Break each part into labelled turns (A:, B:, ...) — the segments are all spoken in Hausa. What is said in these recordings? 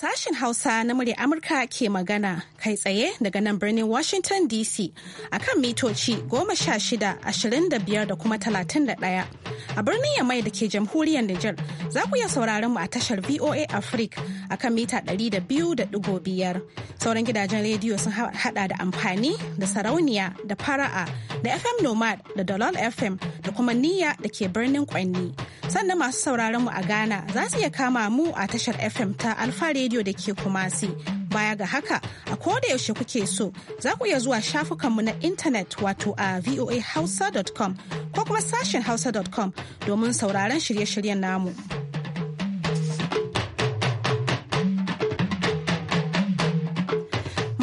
A: Sashen Hausa na murya Amurka ke magana kai tsaye daga nan birnin Washington DC a kan mitoci shida ashirin da kuma 31. A birnin Yamai da ke jamhuriyar Nijar za ku iya sauraron mu a tashar VOA Africa a kan mita 200.5. Sauran gidajen rediyo sun hada da amfani da sarauniya da fara'a da FM Nomad da Dalol FM da kuma Niyya da ke birnin Kwanni. Sannan masu sauraron mu a Ghana za su iya kama mu a tashar FM ta Alfa Radio da ke Kumasi. Baya ga haka, a koda yaushe kuke so, za ku iya zuwa shafukanmu na intanet wato a voahausa.com ko kuma sashen hausa.com domin sauraron shirye-shiryen namu.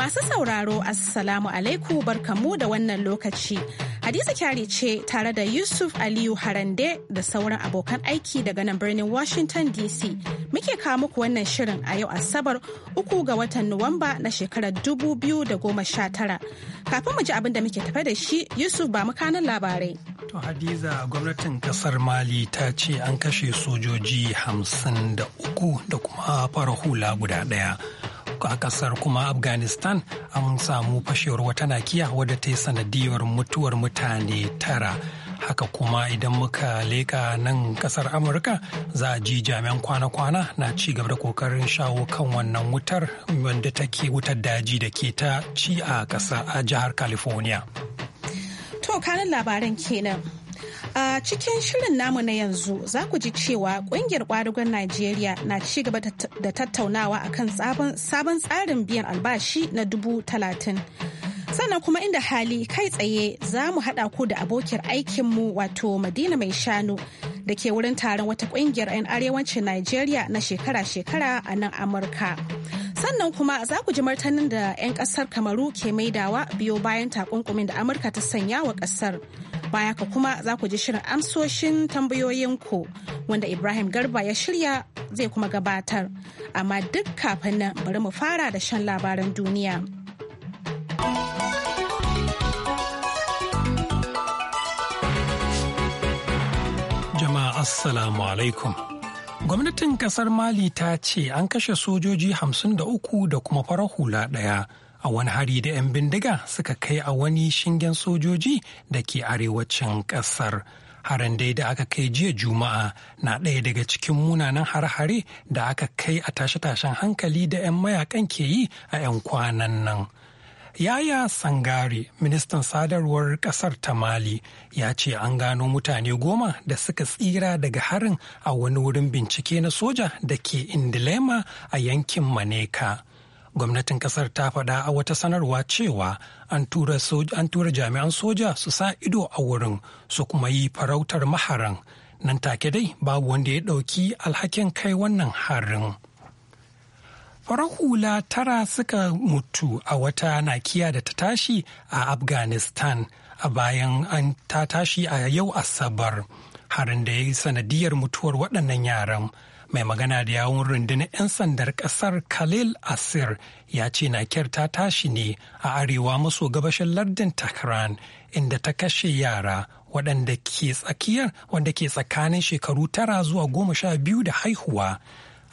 A: Masu sauraro Assalamu alaikum barkamu da wannan lokaci. Hadiza Kyare ce tare da Yusuf Aliyu Harande da sauran abokan aiki daga nan birnin Washington DC. Muke kawo muku wannan shirin a yau Asabar uku ga watan Nuwamba na shekarar 2019. Kafin mu ji abin da muke tafe da shi, Yusuf ba mu kanan labarai.
B: To Hadiza gwamnatin kasar Mali ta ce an kashe sojoji hamsin da uku da kuma fara hula guda ɗaya. a kasar kuma afghanistan an samu fashewar wata nakiya wadda ta yi sanadiyar mutuwar mutane tara haka kuma idan muka leka nan kasar amurka za a ji jami'an kwana-kwana na ci gaba da kokarin shawo kan wannan wutar wanda take wutar daji da ke ta ci a jihar california
A: to kanin labaran kenan A cikin shirin namu na yanzu za ku ji cewa kungiyar kwadugon Najeriya na ci gaba da tattaunawa a kan sabon tsarin biyan albashi na dubu talatin. Sannan kuma inda hali kai tsaye za mu haɗa ku da abokiyar aikinmu wato Madina mai shanu da ke wurin taron wata kungiyar 'yan arewacin Najeriya na shekara-shekara a nan Amurka. sannan kuma za ku ji martanin da 'yan ƙasar kamaru ke maidawa biyo bayan takunkumin da amurka ta sanya wa ƙasar. Baya ka kuma za ku ji shirin amsoshin tambayoyinku wanda Ibrahim Garba ya shirya zai kuma gabatar. Amma duk kafin nan bari mu fara da shan labaran duniya.
B: Jama'a Assalamu alaikum. Gwamnatin kasar Mali ta ce an kashe sojoji hamsin da uku da kuma farar hula ɗaya. a wani hari da 'yan bindiga suka kai a wani shingen sojoji da ke arewacin ƙasar. Harin dai da aka kai jiya Juma'a na ɗaya daga cikin munanan har-hare da aka kai a tashe-tashen hankali da 'yan mayakan ke yi a 'yan kwanan nan. Yaya Sangare, ministan sadarwar ƙasar ta Mali, ya ce an gano mutane goma da suka tsira daga harin a wani wurin bincike na soja da ke Indilema a yankin Maneka. gwamnatin kasar ta faɗa a wata sanarwa cewa an tura jami'an soja su sa ido a wurin su kuma yi farautar maharan nan take dai babu wanda ya ɗauki alhakin kai wannan harin. farar hula tara suka mutu a wata nakiya da ta tashi a afghanistan a bayan an ta tashi a yau asabar harin da ya yi sanadiyar mutuwar waɗannan yaran mai magana da yawun rundunar 'yan sandar kasar khalil asir ya ce nakiyar ta tashi ne a arewa maso gabashin lardin takran inda ta kashe yara waɗanda ke tsakiyar wanda ke tsakanin shekaru tara zuwa goma sha biyu da haihuwa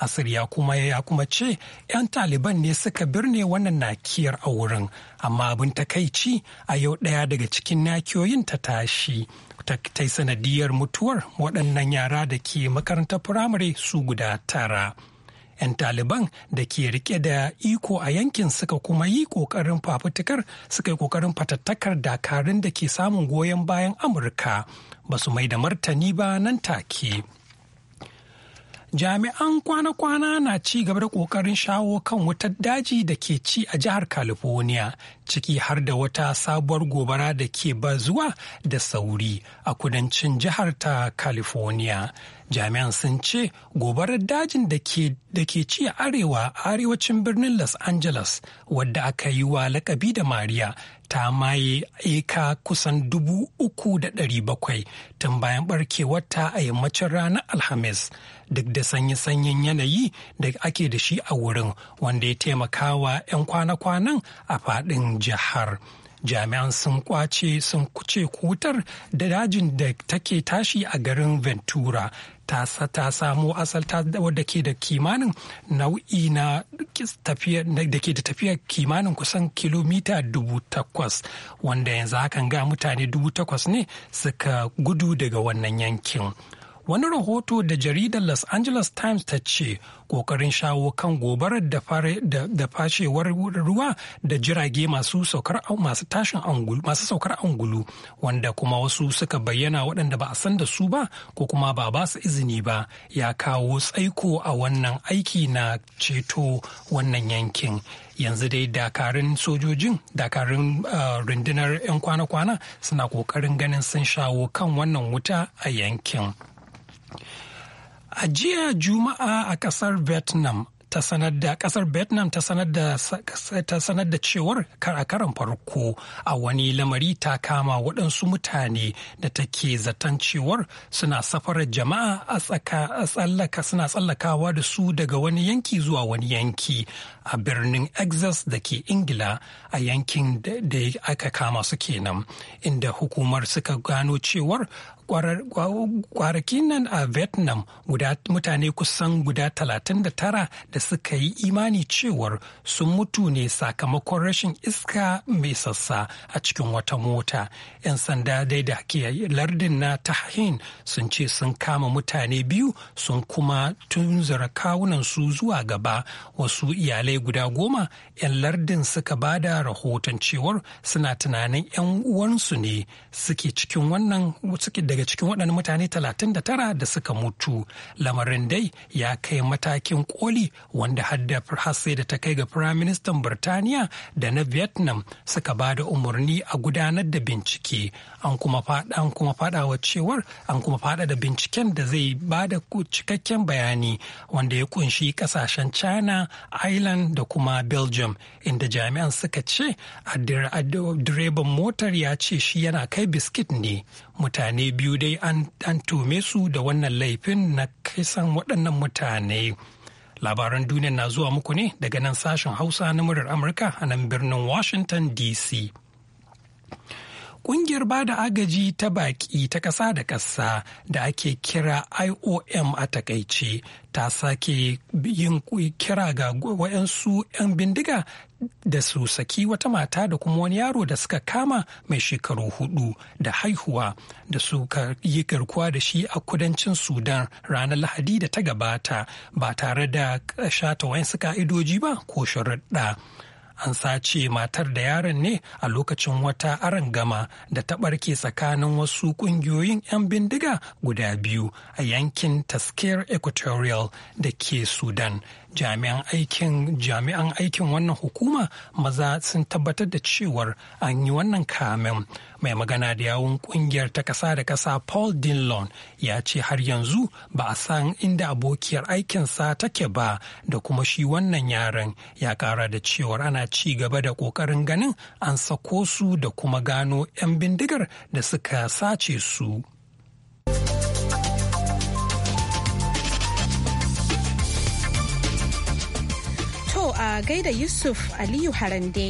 B: asir ya kuma ya kuma ce 'yan taliban ne suka birne wannan nakiyar a wurin amma abin takaici a yau ɗaya daga cikin nakiyoyin ta tashi ta sanadiyar mutuwar waɗannan yara da ke makarantar firamare su guda tara. 'Yan taliban da ke rike da iko a yankin suka kuma yi ƙoƙarin fafutukar suka yi ƙoƙarin fatattakar dakarun da ke samun goyon bayan Amurka ba su mai da martani ba nan take. jami'an kwana-kwana na ci gaba da ƙoƙarin shawo kan wutar daji da ke ci a jihar california ciki har da wata sabuwar gobara da ke ba zuwa da sauri a kudancin jihar ta California. Jami'an sun ce gobarar dajin da ke ci arewa a arewacin birnin Los Angeles wadda aka yi wa lakabi da Mariya ta maye eka kusan dubu uku da ɗari bakwai tun bayan wata a yammacin ranar alhamis duk da sanyi-sanyin yanayi da ake da shi a wurin wanda ya taimakawa 'yan kwana-kwanan a faɗin jihar jami'an sun kwace sun kuce kutar da dajin da take tashi a garin ventura tasa ta samo asalta wadda ke da kimanin nau'i na da ke da tafiya kimanin kusan kilomita dubu takwas wanda yanzu hakan ga mutane dubu takwas ne suka gudu daga wannan yankin Wani rahoto da jaridar Los Angeles Times ta ce kokarin shawo kan gobarar da fashewar ruwa da jirage masu saukar masu tashin angulu masu saukar angulu wanda kuma wasu suka bayyana waɗanda ba a san da su ba ko kuma ba ba su izini ba ya kawo tsaiko a wannan aiki na ceto wannan yankin. yanzu dai dakarun sojojin dakarun uh, rundunar 'yan kwana-kwana suna kokarin ganin sun shawo kan wannan wuta a yankin. A jiya Juma'a a ƙasar Vietnam ta sanar da kasar vietnam ta sanar da ta sanar cewar a karan farko a wani lamari ta kama waɗansu mutane da take zaton cewar suna safarar jama'a a tsallaka suna tsallakawa da su daga wani yanki zuwa wani yanki a birnin Exas da ke ingila a yankin da aka kama su kenan inda hukumar suka gano cewar kwarakin nan a vietnam mutane kusan guda 39 da suka yi imani cewar sun mutu ne sakamakon rashin iska mai sassa a cikin wata mota 'yan sanda dai da ke lardin na tahin sun ce sun kama mutane biyu sun kuma tunzura su zuwa gaba wasu iyalai guda goma 'yan lardin suka ba da rahoton cewar suna tunanin 'yan uwansu ne suke cikin wannan suke daga daga cikin waɗannan mutane 39 da suka mutu lamarin dai ya kai matakin koli wanda hadda sai da ta kai ga firaministan birtaniya da na vietnam suka ba da umarni a gudanar da bincike an kuma faɗawa cewar an kuma faɗa da binciken da zai ba da cikakken bayani wanda ya kunshi ƙasashen china ireland da kuma belgium inda jami'an suka ce a direban motar ya ce shi yana kai biskit ne mutane biyu dai an tume su da wannan laifin na kisan waɗannan mutane labaran duniya na zuwa muku ne daga nan sashen hausa na murar amurka a nan birnin washington dc Ƙungiyar ba da agaji ta baƙi ta ƙasa da ƙasa da ake kira IOM a takaice ta sake yin kira ga wayansu 'yan bindiga da su saki wata mata da kuma wani yaro da suka kama mai shekaru hudu da haihuwa da suka yi garkuwa da shi a kudancin sudan ranar lahadi da ta gabata ba tare da ta wayansu ka'idoji ba ko sharaɗa. an sace matar da yaron ne a lokacin wata gama da ta ɓarke tsakanin wasu ƙungiyoyin 'yan bindiga guda biyu a yankin tasker equatorial da ke sudan jami'an aikin wannan hukuma maza sun tabbatar da cewar an yi wannan kamen mai magana da yawun kungiyar ta kasa da kasa paul dillon ya ce har yanzu ba a san inda abokiyar aikinsa take ba da kuma shi wannan yaren. ya kara da cewar ana ci gaba da kokarin ganin an sako su da kuma gano 'yan bindigar da suka sace su.
A: a gaida Yusuf Aliyu Harande.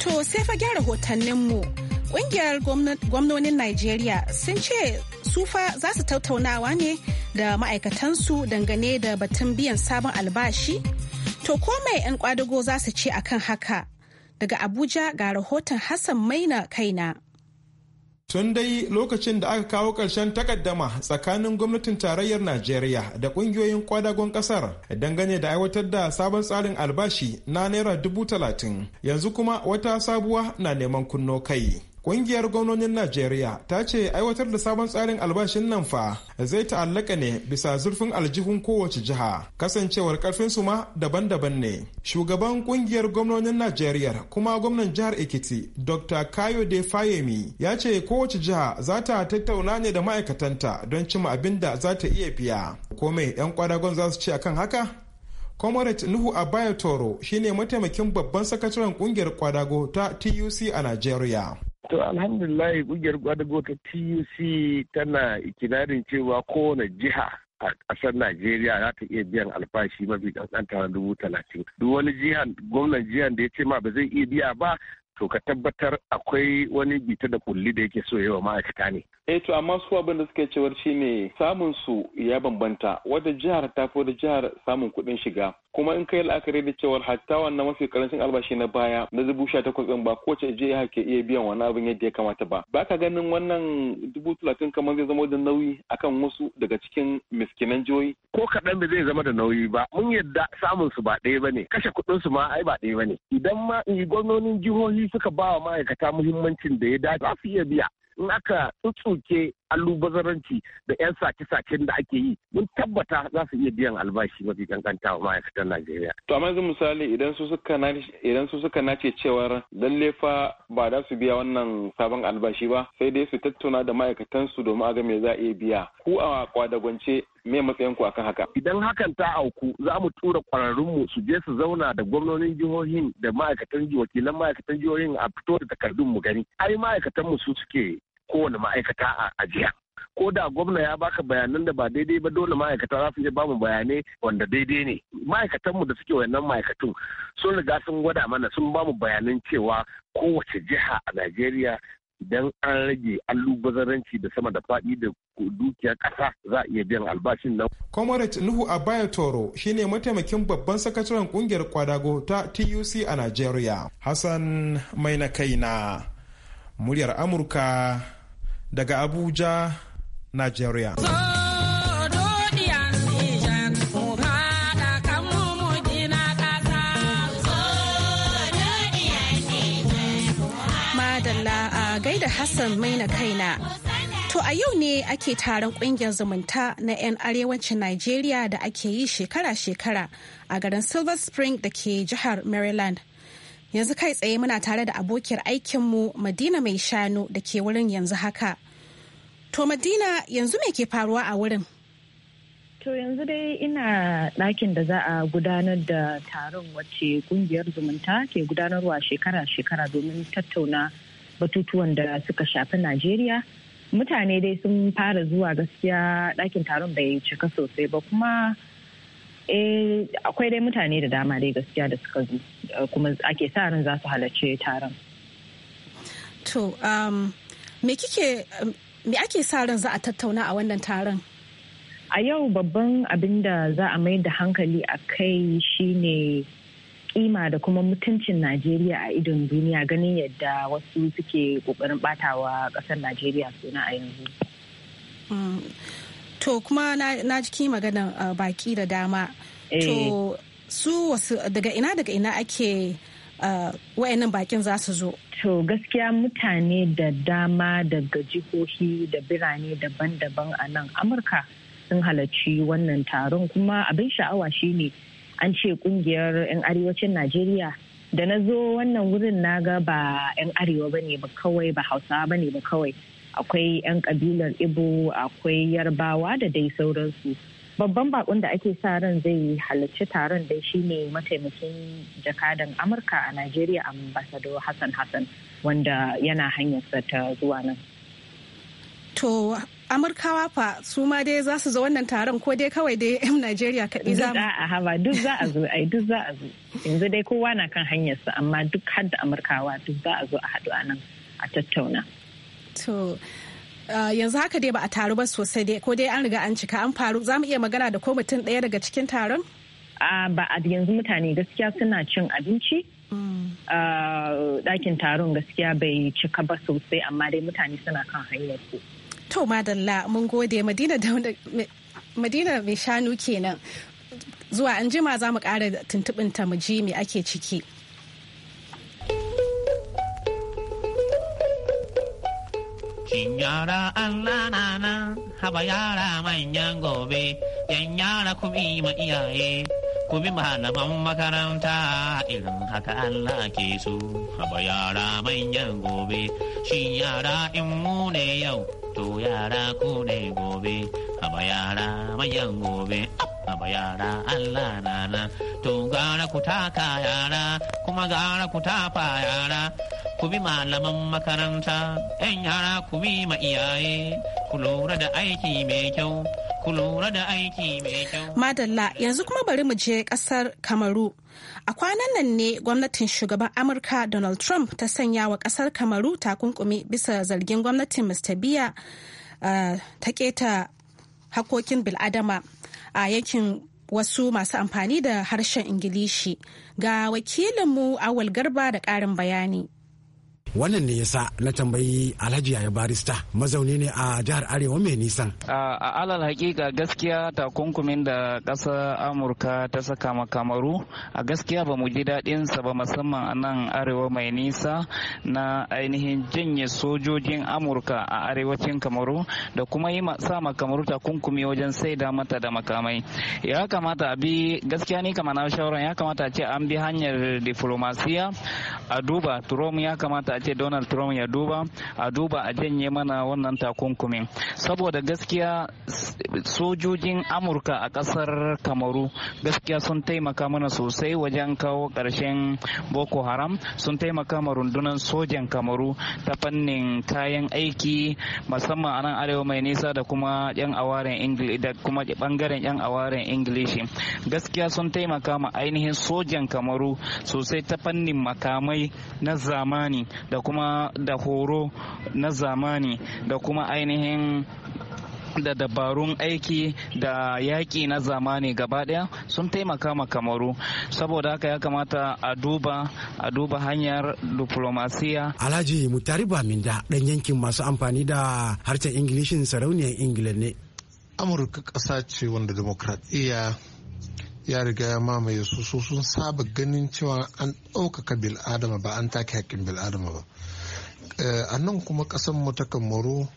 A: To sai fa gyara hotanninmu. Ƙungiyar gwamnonin Najeriya sun ce sufa za su tattaunawa ne da ma'aikatansu dangane da batun biyan sabon albashi? To ko mai 'yan kwadago za su ce akan haka? Daga Abuja ga rahoton Hassan Maina kaina.
C: Tun dai lokacin da aka kawo ƙarshen takaddama tsakanin gwamnatin tarayyar Najeriya da ƙungiyoyin kwadagon ƙasar dangane da aiwatar da sabon tsarin albashi na Naira dubu talatin, yanzu kuma wata sabuwa na neman kunno kai. Ƙungiyar gwamnonin Najeriya ta ce aiwatar da sabon tsarin albashin nan fa zai ta'allaka ne bisa zurfin aljihun kowace jiha, kasancewar su ma daban-daban ne. Shugaban ƙungiyar gwamnonin Najeriya kuma gwamnan jihar Ekiti Dr. Kayode Fayemi ya ce kowace jiha za ta tattauna ne da ma'aikatanta don cimma abin da za ta iya biya. Kome 'yan kwadagon za su ce akan haka? comrade nuhu abayatoro shine mataimakin babban sakataren kungiyar kwadago ta tuc a Najeriya.
D: To alhamdulillah kungiyar Gwadago ta TUC tana ikinarin cewa kowane jiha a ƙasar Najeriya za ta iya biyan alfashi mafi ƙanƙanta na dubu talatin. Duk wani jihan gwamnan jihan da ya ce ma ba zai iya biya ba to ka tabbatar akwai wani bita da kulli da yake so yawa ma'aikata ne. eh to amma su abin da suke cewar shi ne samun su ya bambanta wadda jihar ta fi wata jihar samun kuɗin shiga kuma in kai la'akari da cewar hatta wannan mafi karancin albashi na baya na dubu sha takwas ɗin ba kowace jiha ke iya biyan wani abin yadda ya kamata ba ba ka ganin
C: wannan
D: dubu talatin kamar zai zama da nauyi akan wasu daga cikin miskinan jihohi ko kaɗan ba zai zama da nauyi ba mun yadda samun su ba ɗaya bane kashe kuɗin su ma ai ba ɗaya bane idan ma gwamnonin jihohi suka ba wa ma'aikata muhimmancin da ya dace za su iya biya in aka tsutsuke allubazaranci da 'yan sake saken da ake yi mun tabbata za su iya biyan albashi mafi kankanta wa ma'aikatan Najeriya. To amma yanzu misali idan su suka nace cewar lalle fa ba za su biya wannan sabon albashi ba sai dai su tattauna da ma'aikatan su domin a ga me za a iya biya. Ku a kwadagwance me matsayin ku akan haka? Idan hakan ta auku za mu tura kwararrunmu su je su zauna da gwamnonin jihohin da ma'aikatan wakilan ma'aikatan jihohin a fito da takardun mu gani. Ai ma'aikatan mu su suke kowane ma'aikata a jiya ko da gwamna ya baka bayanan da ba daidai ba dole ma'aikata za su je bamu bayanai wanda daidai ne ma'aikatanmu da suke wannan ma'aikatun sun riga sun gwada mana sun bamu bayanan cewa kowace jiha a najeriya idan an rage allubazaranci da sama da faɗi da dukiyar ƙasa za a iya biyan albashin nan.
C: comrade nuhu abaya toro shine mataimakin babban sakataren kungiyar kwadago ta tuc a najeriya hassan mai na kaina muryar amurka daga Abuja, Nigeria. Madalla
A: a gaida Hassan maina kaina. To a yau ne ake taron kungiyar zumunta na 'yan arewacin Najeriya da ake yi shekara-shekara a garin Silver Spring da ke jihar Maryland. Yanzu kai tsaye muna tare da abokiyar aikinmu Madina mai shanu da ke wurin yanzu haka. To Madina yanzu me ke faruwa a wurin?
E: To yanzu dai ina ɗakin da za a gudanar da taron wacce kungiyar zumunta ke gudanarwa shekara-shekara domin tattauna batutuwan da suka shafi Najeriya. Mutane dai sun fara zuwa gaskiya ɗakin taron bai cika sosai ba kuma eh akwai dai mutane da dama dai gaskiya da suka zo eh, kuma ake sa ran za su halarci
A: taron to um, me kike me ake sa ran za a tattauna a wannan taron a yau babban abin da
E: za a mai da hankali a kai shine kima da kuma mutuncin najeriya a idon duniya ganin yadda wasu suke kokarin batawa kasar najeriya suna a yanzu
A: mm. to kuma na ji ki magana uh, baki da dama eh. to su wasu daga ina daga ina ake uh, wayannan bakin za su zo to gaskiya mutane da dama daga jihohi
E: da birane daban-daban a nan amurka sun halarci wannan taron kuma abin sha'awa shine an ce kungiyar 'yan arewacin najeriya da na zo wannan wurin na ga ba 'yan arewa ba ne ba kawai ba hausawa ba ne ba kawai akwai 'yan kabilar ibo akwai yarbawa da dai sauransu babban bakon da ake sa ran zai halarci taron dai shine mataimakin jakadan amurka a nigeria ambassador hassan hassan wanda yana hanyarsa ta zuwa nan
A: to amurkawa fa su ma dai za su zo wannan taron ko dai kawai dai yan nigeria kaɗi za a haba duk za a zo ai duk za a zo
E: yanzu dai kowa na kan hanyarsa amma duk har amurkawa duk za a zo a haɗu a nan a tattauna
A: to ah, yanzu haka dai ba a taru ba sosai dai ko dai an riga an cika an faru za mu iya magana da ko mutum ɗaya daga cikin taron? Ah, ba a yanzu mutane gaskiya suna cin abinci
E: mm. ah, ɗakin taron gaskiya bai cika ba sosai amma dai mutane suna kan hanyar su.
A: to madalla mun gode madina madina mai shanu kenan zuwa an jima za mu ƙara ta mu ji me ake ciki.
F: inyara Allah na nan, haba yara manyan gobe, yan yara ku bi ma iyaye, ku bi malaman makaranta irin haka Allah ke so. Haba yara manyan gobe, shi yara in mu ne yau. to yara ku ne gobe haba yara mayan gobe haba yara Allah rana to gara ku taka yara kuma gara ku tafa yara ku bi malaman makaranta 'yan yara ku bi ma iyaye ku lura da aiki mai kyau
A: Madalla yanzu kuma bari mu je kasar Kamaru. A kwanan nan ne gwamnatin shugaban Amurka Donald Trump ta sanya wa kasar Kamaru takunkumi bisa zargin gwamnatin Mr. Biya uh, ta keta hakokin bil'adama a yakin wasu masu amfani da harshen Ingilishi ga wakilinmu Awal Garba da ƙarin bayani.
B: wannan ne yasa na tambayi alhaji ya barista mazauni ne a jihar arewa mai nisan
F: a alal hakika gaskiya takunkumin da ƙasa amurka ta saka ma kamaru a gaskiya ba mu ji daɗin sa ba musamman a nan arewa mai nisa na ainihin janye sojojin amurka a arewacin kamaru da kuma yi sa ma kamaru takunkumi wajen saida mata da makamai ya kamata a bi gaskiya ni kama na shawara ya kamata a ce an bi hanyar diflomasiya a duba turom ya kamata ce donald trump ya duba a duba a janye mana wannan takunkumin saboda gaskiya sojojin amurka a kasar kamaru gaskiya sun taimaka mana sosai wajen kawo karshen boko haram sun taimaka ma rundunar sojan kamaru ta fannin kayan aiki musamman a nan arewa mai nisa da kuma yan awaren da kuma bangaren yan awaren ingilishi gaskiya sun taimaka ma ainihin sojan kamaru sosai ta fannin makamai na zamani da kuma da horo na zamani da kuma ainihin da dabarun aiki da yaƙi na zamani gaba ɗaya sun taimaka ma kamaru saboda haka ya kamata a duba a duba hanyar diplomasiya
B: alhaji mutari baminda ɗan yankin masu amfani da harshen ingilishin sarauniyar ingila ne amurka ƙasa ce wanda demokradiyya
C: ya riga ya mamaye su so sun saba ganin cewa an ɗaukaka bil'adama ba an take haƙƙin bil'adama ba eh, a nan kuma ƙasar mu ta kamaru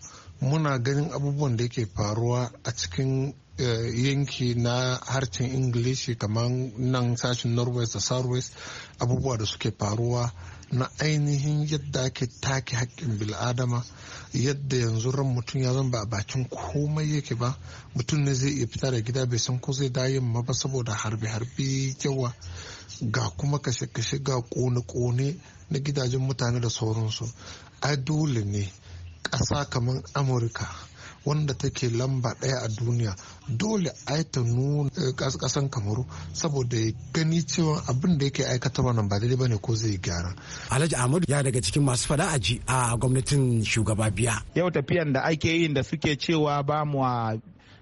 C: muna ganin abubuwan da yake faruwa a cikin eh, yanki na harshen ingilishi kamar nan sashen Norway da southwest abubuwa da suke faruwa na ainihin yadda ake take haƙƙin bil'adama yadda yanzu ran mutum ya zan ba a bakin komai yake ba mutum ne zai iya fita da gida bai san ko zai dayin ma ba saboda harbe-harbe yawa ga kuma kashe-kashe ga kone-kone na gidajen mutane da sauransu ai dole ne ƙasa kamar amurka wanda take lamba ɗaya a duniya dole ai ta nuna eh, ƙasan kamaru saboda ya gani cewa abin da yake aikatarwa nan ba daidai bane ko zai gyara
B: alhaji ahmadu ya daga cikin masu fada a ji a gwamnatin shugaba biya
C: yau tafiyan da ake yin da suke cewa ba mu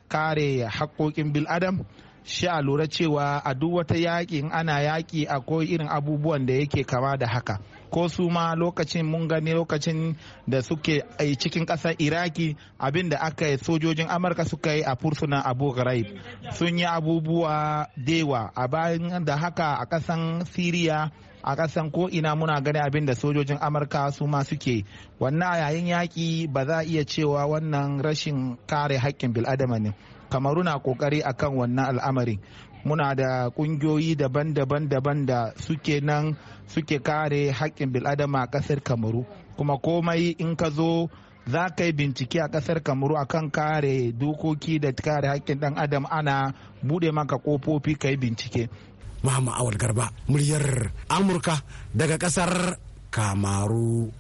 C: kare haƙoƙin bil adam shi a lura cewa a duk wata yakin ana yaƙi akwai irin abubuwan da yake kama da haka ko su ma lokacin mun gani lokacin da suke a eh, cikin ƙasar iraki abin da aka yi sojojin amurka suka yi a fursunan abu ghraib sun yi abubuwa dewa a bayan da haka a ƙasan siriya a ƙasan ko ina muna gani abin da sojojin amurka su ma suke wannan yayin yaƙi ba za a iya cewa wannan rashin kare haƙƙin bil'adama ne kamaru na kokari akan wannan al'amarin muna da kungiyoyi daban-daban daban da suke nan suke kare haƙƙin biladama a ƙasar kamaru kuma komai in ka zo za ka yi bincike a ƙasar kamaru akan kare dokoki da kare haƙƙin ɗan adam ana buɗe maka kofofi ka yi bincike Muhammad Awal Garba, muryar Amurka daga ƙasar
B: Kamaru.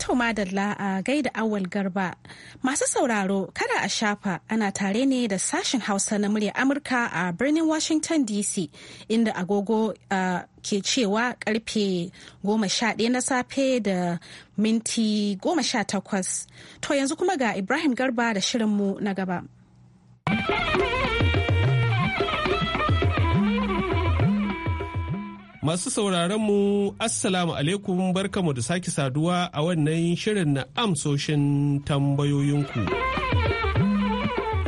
A: To madalla a gaida awal garba. Masu sauraro kada a shafa ana tare ne da sashen hausa na murya Amurka a birnin Washington DC inda agogo ke cewa karfe goma na safe da minti goma takwas. To yanzu kuma ga Ibrahim Garba da shirinmu na gaba.
G: Masu mu Assalamu alaikum barkamu da sake saduwa a wannan shirin na amsoshin tambayoyinku.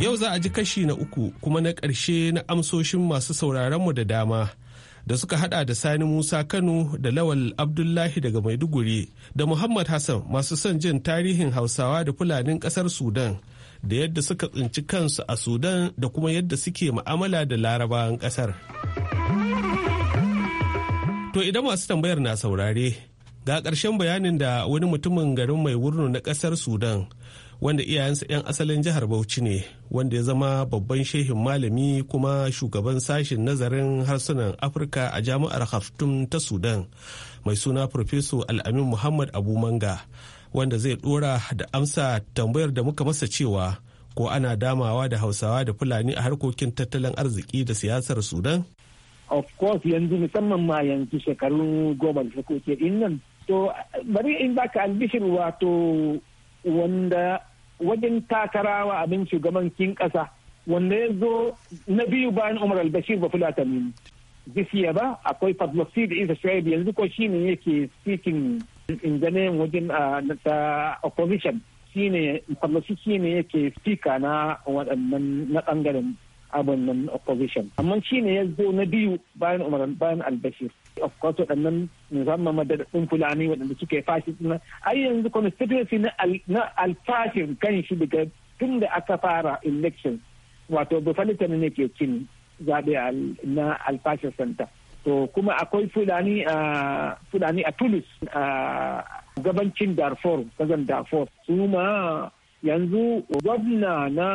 G: Yau za a ji kashi na uku kuma na ƙarshe na amsoshin masu mu da dama. Da suka hada da Sani Musa Kano da Lawal Abdullahi daga Maiduguri da Muhammad Hassan masu son jin tarihin Hausawa da Fulanin kasar Sudan da yadda suka tsinci kansu a Sudan da kuma yadda suke ma'amala da larabawan kasar. To idan masu tambayar na saurare, ga ƙarshen bayanin da wani mutumin garin mai wurno na ƙasar Sudan, wanda iyayensa 'yan asalin jihar Bauchi ne, wanda ya zama babban shehin malami kuma shugaban sashen nazarin harsunan Afirka a jami'ar Khartoum ta Sudan, mai suna Profeso Al'amin Muhammad Abu Manga, wanda zai ɗora da amsa tambayar da muka masa cewa ko ana damawa da Hausawa da Fulani a harkokin tattalin arziki da siyasar Sudan?
H: of course yanzu musamman ma yanzu shekarun goma da suka wuce din nan to bari in baka albishir wato wanda wajen takarawa abin kin kasa wanda ya zo na biyu bayan umar albashir ba fulatani bisiya ba akwai fadlosid isa shaibu yanzu ko shi ne yake speaking in ganin wajen ah, ta opposition ne fadlosid ne yake speaker na waɗannan na ɓangaren abin nan opposition amma shi ne ya zo na biyu bayan umar bayan albashir of course waɗannan musamman madadin fulani waɗanda suke fashi na ai yanzu constituency na alfashin kan shi daga tun da aka fara election wato bufalitan ne ke cin zaɓe na alfashin center to kuma akwai fulani a fulani a tulis a gabancin darfur kazan darfur su ma yanzu gwamna na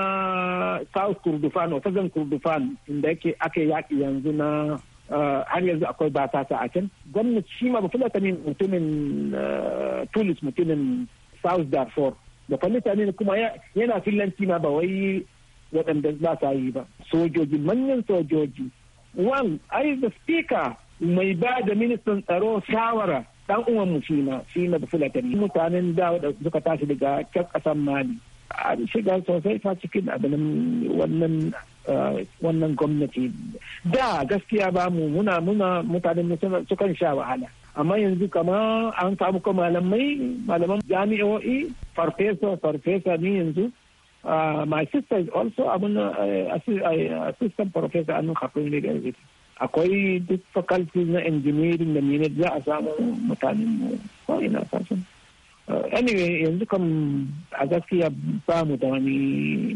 H: south kurdufan wata zan kurdufan inda yake aka yaƙi yanzu na uh, har yanzu akwai ba ta a can gwamna shi ma bafulata ne mutumin uh, tulis mutumin south darfur Da bafulata ne kuma yana filanci ma ba wai waɗanda ba sa yi ba sojoji manyan sojoji wan ai da speaker mai ba da ministan tsaro shawara dan uwan mu shi na shi na fulatani mutanen da suka tashi daga can kasan mali an shiga sosai fa cikin abin wannan wannan gwamnati da gaskiya ba mu muna muna mutanen sukan sha wahala amma yanzu kama an samu ko malamai malaman jami'o'i farfesa farfesa ni yanzu my sister is also abin eh, eh, assistant professor a nan ne university akwai duk fakalti na engineering da mene za a samu mutanen mu. ina eh, anyway yanzu kan a gaskiya ba mu da wani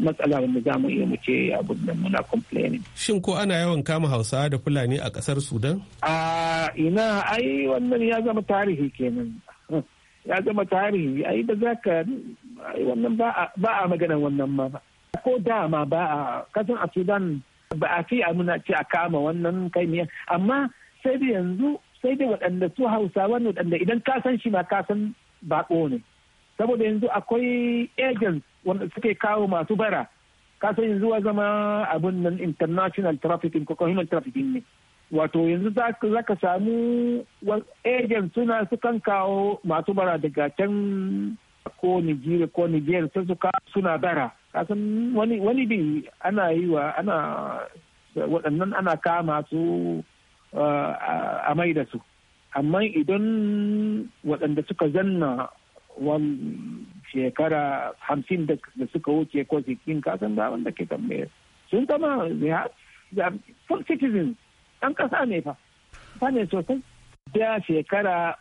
H: matsala wanda za mu iya mu ce abin da muna complaining.
G: Shin ko ana yawan kama Hausawa da Fulani a kasar Sudan? A ina ai wannan ya zama
H: tarihi kenan. Ya zama tarihi ai da za ka wannan ba a maganan wannan ma ba. Ko dama ba a kasan a Sudan ba a fi amuna ce a kama wannan kai amma sai da yanzu sai da waɗanda su hausa wani waɗanda idan ka san shi ma ka san baƙo ne saboda yanzu akwai agents wanda suke kawo masu bara ka san yanzu wa zama abun nan international trafficking ko human trafficking ne wato yanzu za ka samu agents suna kan kawo masu bara daga can ko nigeria ko nigeria sai su suna bara kasan wani wani bi ana yi wa ana waɗannan ana kama su a mai da su amma idan waɗanda suka zanna wani shekara hamsin da suka wuce ko sikin kasan da wanda ke tambaye sun zama full citizen ɗan ƙasa ne fa fa ne sosai da shekara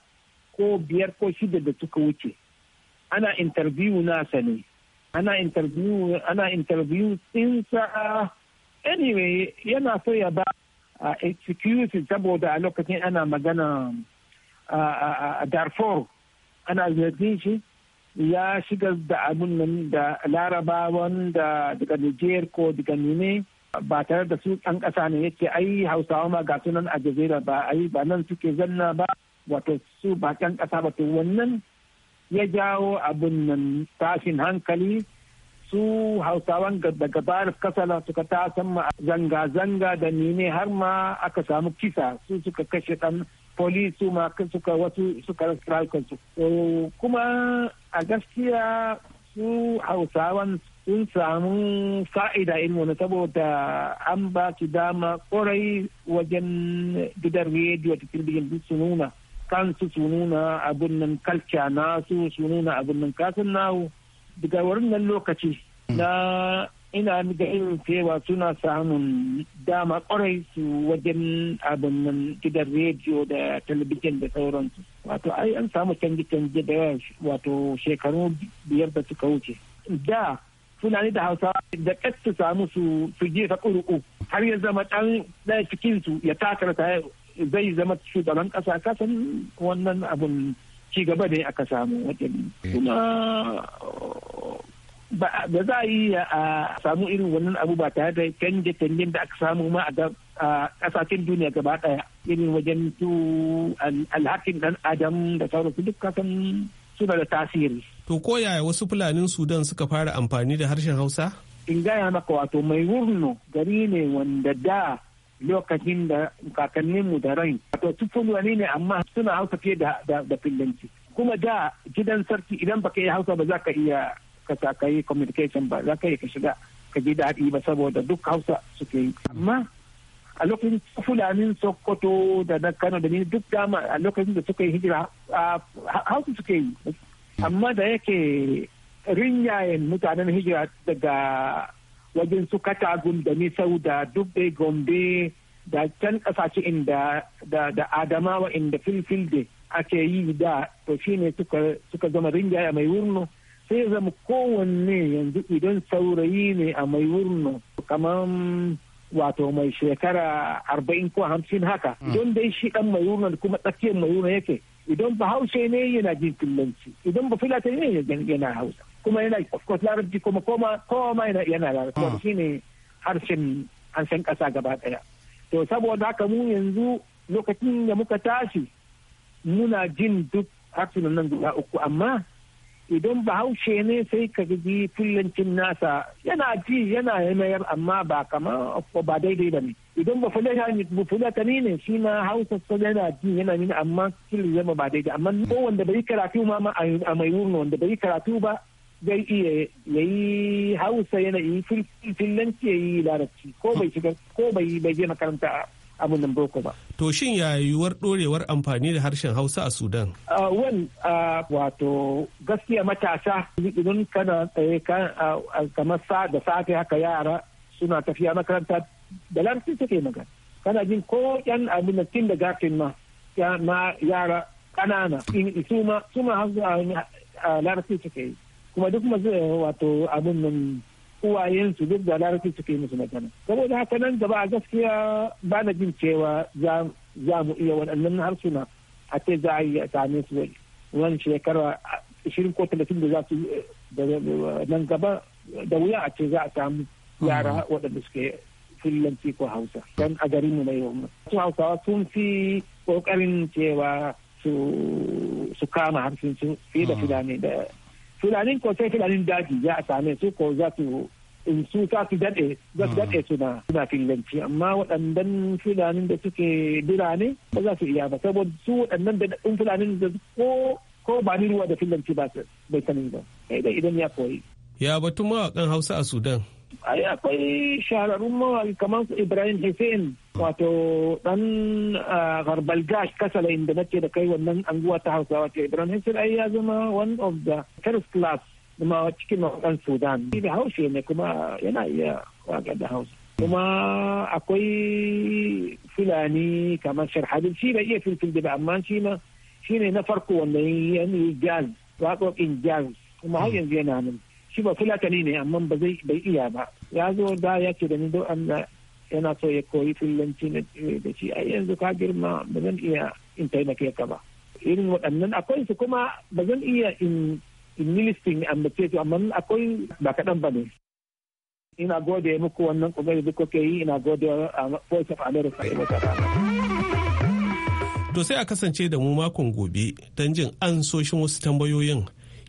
H: ko biyar ko shida da suka wuce ana interview nasa ne ana interview ana interview ɗinsa anyway yana so ya ba a excuse saboda a lokacin ana magana a darfur ana zargin shi ya shiga da abin nan da larabawan da daga niger ko daga nune ba tare da su ɗan ƙasa ne yake ai hausawa ma ga sunan a jazira ba ai ba nan suke zanna ba wato su ba ƙasa ba to wannan ya jawo abin nan tashin hankali su hausawan daga gabar kasala suka ta a zanga-zanga da nene har ma aka samu kisa su suka kashe dan polisu ma suka wasu suka rayukansu kuma a gaskiya su hausawan sun samu fa'ida in wani saboda an ba su dama kwarai wajen gidan rediyo da kirgin su nuna kansu su nuna abin nan kalca nasu su nuna abin nan kasan nawo daga wurin nan lokaci na ina ga irin cewa suna samun dama kwarai su wajen abin nan gidan rediyo da talabijin da sauransu wato ai an samu canji canji da wato shekaru biyar da suka wuce da fulani da hausa da kasu samu su jefa kuruku har ya zama ɗan ɗaya cikinsu ya takara ta zai zama shugaban kasa kasan wannan abun ci gaba ne aka samu wajen eh. kuma ba za a yi a samu irin wannan abu ba tare da canje canjen da aka samu ma a kasashen duniya gaba daya irin wajen tu alhakin dan adam da sauransu duk kasan suna da tasiri
G: to ko yaya wasu fulanin sudan suka fara amfani da harshen hausa
H: in gaya maka wato mai wurno gari ne wanda da lokacin da kakanninmu da rai wato su wani ne amma suna hausa fiye da da fillanci kuma da gidan sarki idan baka iya hausa ba za ka iya ka yi communication ba za ka iya ka shiga ka ji daɗi ba saboda duk hausa suke yi amma a lokacin fulanin sokoto da na kano da ni duk dama a lokacin da suka yi hijira hausa suke yi amma da yake rinyayen mutanen hijira daga wajen su katagun da nisau da dubbe gombe da can kasashe inda da adamawa inda filfil ake yi da to shine suka zama ringaya mai wurno sai zama kowanne yanzu idan saurayi ne a mai wurno kamar wato mai shekara arba'in ko hamsin haka mm. don dai shi dan mai wurno kuma tsakiyar mai wurno yake idan bahaushe ne yana jin fillanci idan ba filatani ne yana hausa kuma yana of course larabci kuma koma koma yana yana larabci ne harshen harshen kasa gaba daya to saboda haka mu yanzu lokacin da muka tashi muna jin duk harsunan nan guda uku amma idan bahaushe ne sai ka ji fillancin nasa yana ji yana yanayar amma ba kama ba daidai ba ne idan ba fulatani ba ta ne shi ma hausa ko yana ji yana nuna amma skill zama ba daidai amma ko wanda bai karatu ma a mai wurin wanda bai karatu ba zai iya yayi hausa yana yi filanci yayi larabci ko bai shiga ko bai bai je makaranta abun nan boko ba
G: to shin ya yiwuwar dorewar amfani da harshen hausa a sudan
H: wan wato gaskiya matasa idan kana tsaye kamar sa da safe haka yara suna tafiya makaranta da larabci take magana kana jin ko yan abin da tun da gafin ma yara kanana su ma su ma larabci suke yi kuma duk masu wato abin nan uwayensu duk da larabci suke yi musu magana saboda haka nan gaba a gaskiya ba na jin cewa za mu iya waɗannan harsuna a ce za a yi a same su wani shekara ashirin ko talatin da za su nan gaba da wuya a ce za a samu yara mm-hmm. waɗanda suke fillanci ko hausa don a garinmu na yau su hausawa sun fi ƙoƙarin cewa su kama harshen su fi mm. da fulani da fulanin ko sai fulanin daji ya same su ko za su in su ta su daɗe za su mm. daɗe suna suna fillanci amma waɗannan fulanin da suke birane ba za su iya ba saboda su waɗannan da ɗin fulanin da ko ko ba ni ruwa da fillanci ba bai sani ba idan ya koyi.
G: ya batun mawaƙan hausa a sudan
H: akwai shahararrun mawaki kamar su ibrahim hussein wato dan garbal gash kasala inda nake da kai wannan anguwa ta hausa wato ibrahim hussein ai ya zama one of the first class kuma cikin mawakan sudan da haushe ne kuma yana iya waka da hausa kuma akwai fulani kamar sharhadin shi da iya filfil da amma shi ma shi ne na farko wanda ya yi jazz waƙoƙin jazz kuma har hmm. yanzu yana nan shi ba fulatani ne amma ba zai bai iya ba ya zo da ya ce da ni do Allah yana so ya koyi fulanci da shi ai yanzu ka girma ba zan iya in taimake ka ba irin waɗannan akwai su kuma ba zan iya in in amma ce to amma akwai ba kaɗan ba ne ina gode muku wannan kuma da kuke yi ina gode a voice of america da rana
G: to sai a kasance da mu makon gobe don jin an soshin wasu tambayoyin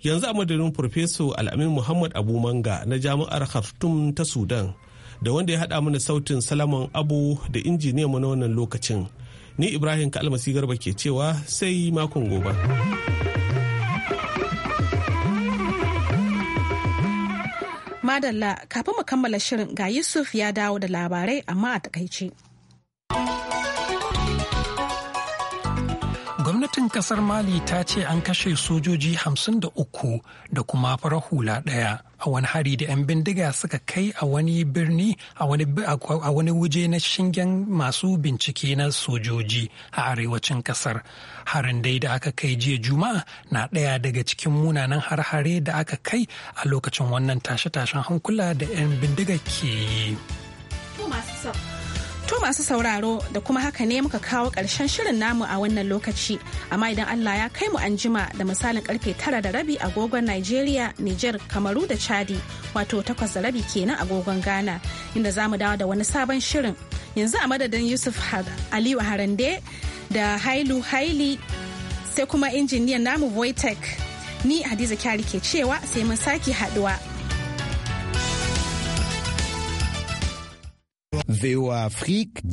G: yanzu a madadin farfeso al'amin muhammad abu manga na jami'ar khartoum ta sudan da wanda ya haɗa mana sautin salaman abu da injiniya mu na wannan lokacin ni ibrahim kalmasi garba ke cewa sai makon gobe
A: madalla kafin mu kammala shirin ga yusuf ya dawo da labarai amma a takaice.
B: gwamnatin kasar mali ta ce an kashe sojoji hamsin da uku da kuma fara hula ɗaya a wani hari da 'yan bindiga suka kai a wani birni a wani wuje na shingen masu bincike na sojoji a arewacin kasar harin dai da aka kai jiya juma'a na ɗaya daga cikin munanan har-hare da aka kai a lokacin wannan tashe-tashen hankula da 'yan bindiga ke yi.
A: To masu sauraro da kuma haka ne muka kawo ƙarshen shirin namu a wannan lokaci, amma idan Allah ya kai mu anjima da misalin karfe tara da rabi agogon Nigeria, Niger, Kamaru da Chadi, wato takwas da rabi kenan agogon Ghana, inda za mu dawo da wani sabon shirin. Yanzu a madadin Yusuf Aliyu Harande da Hailu Haili sai kuma injiniyan namu Voitech. Ni Hadiza Kyari ke cewa sai mun sake haduwa.
G: VOA Afrique.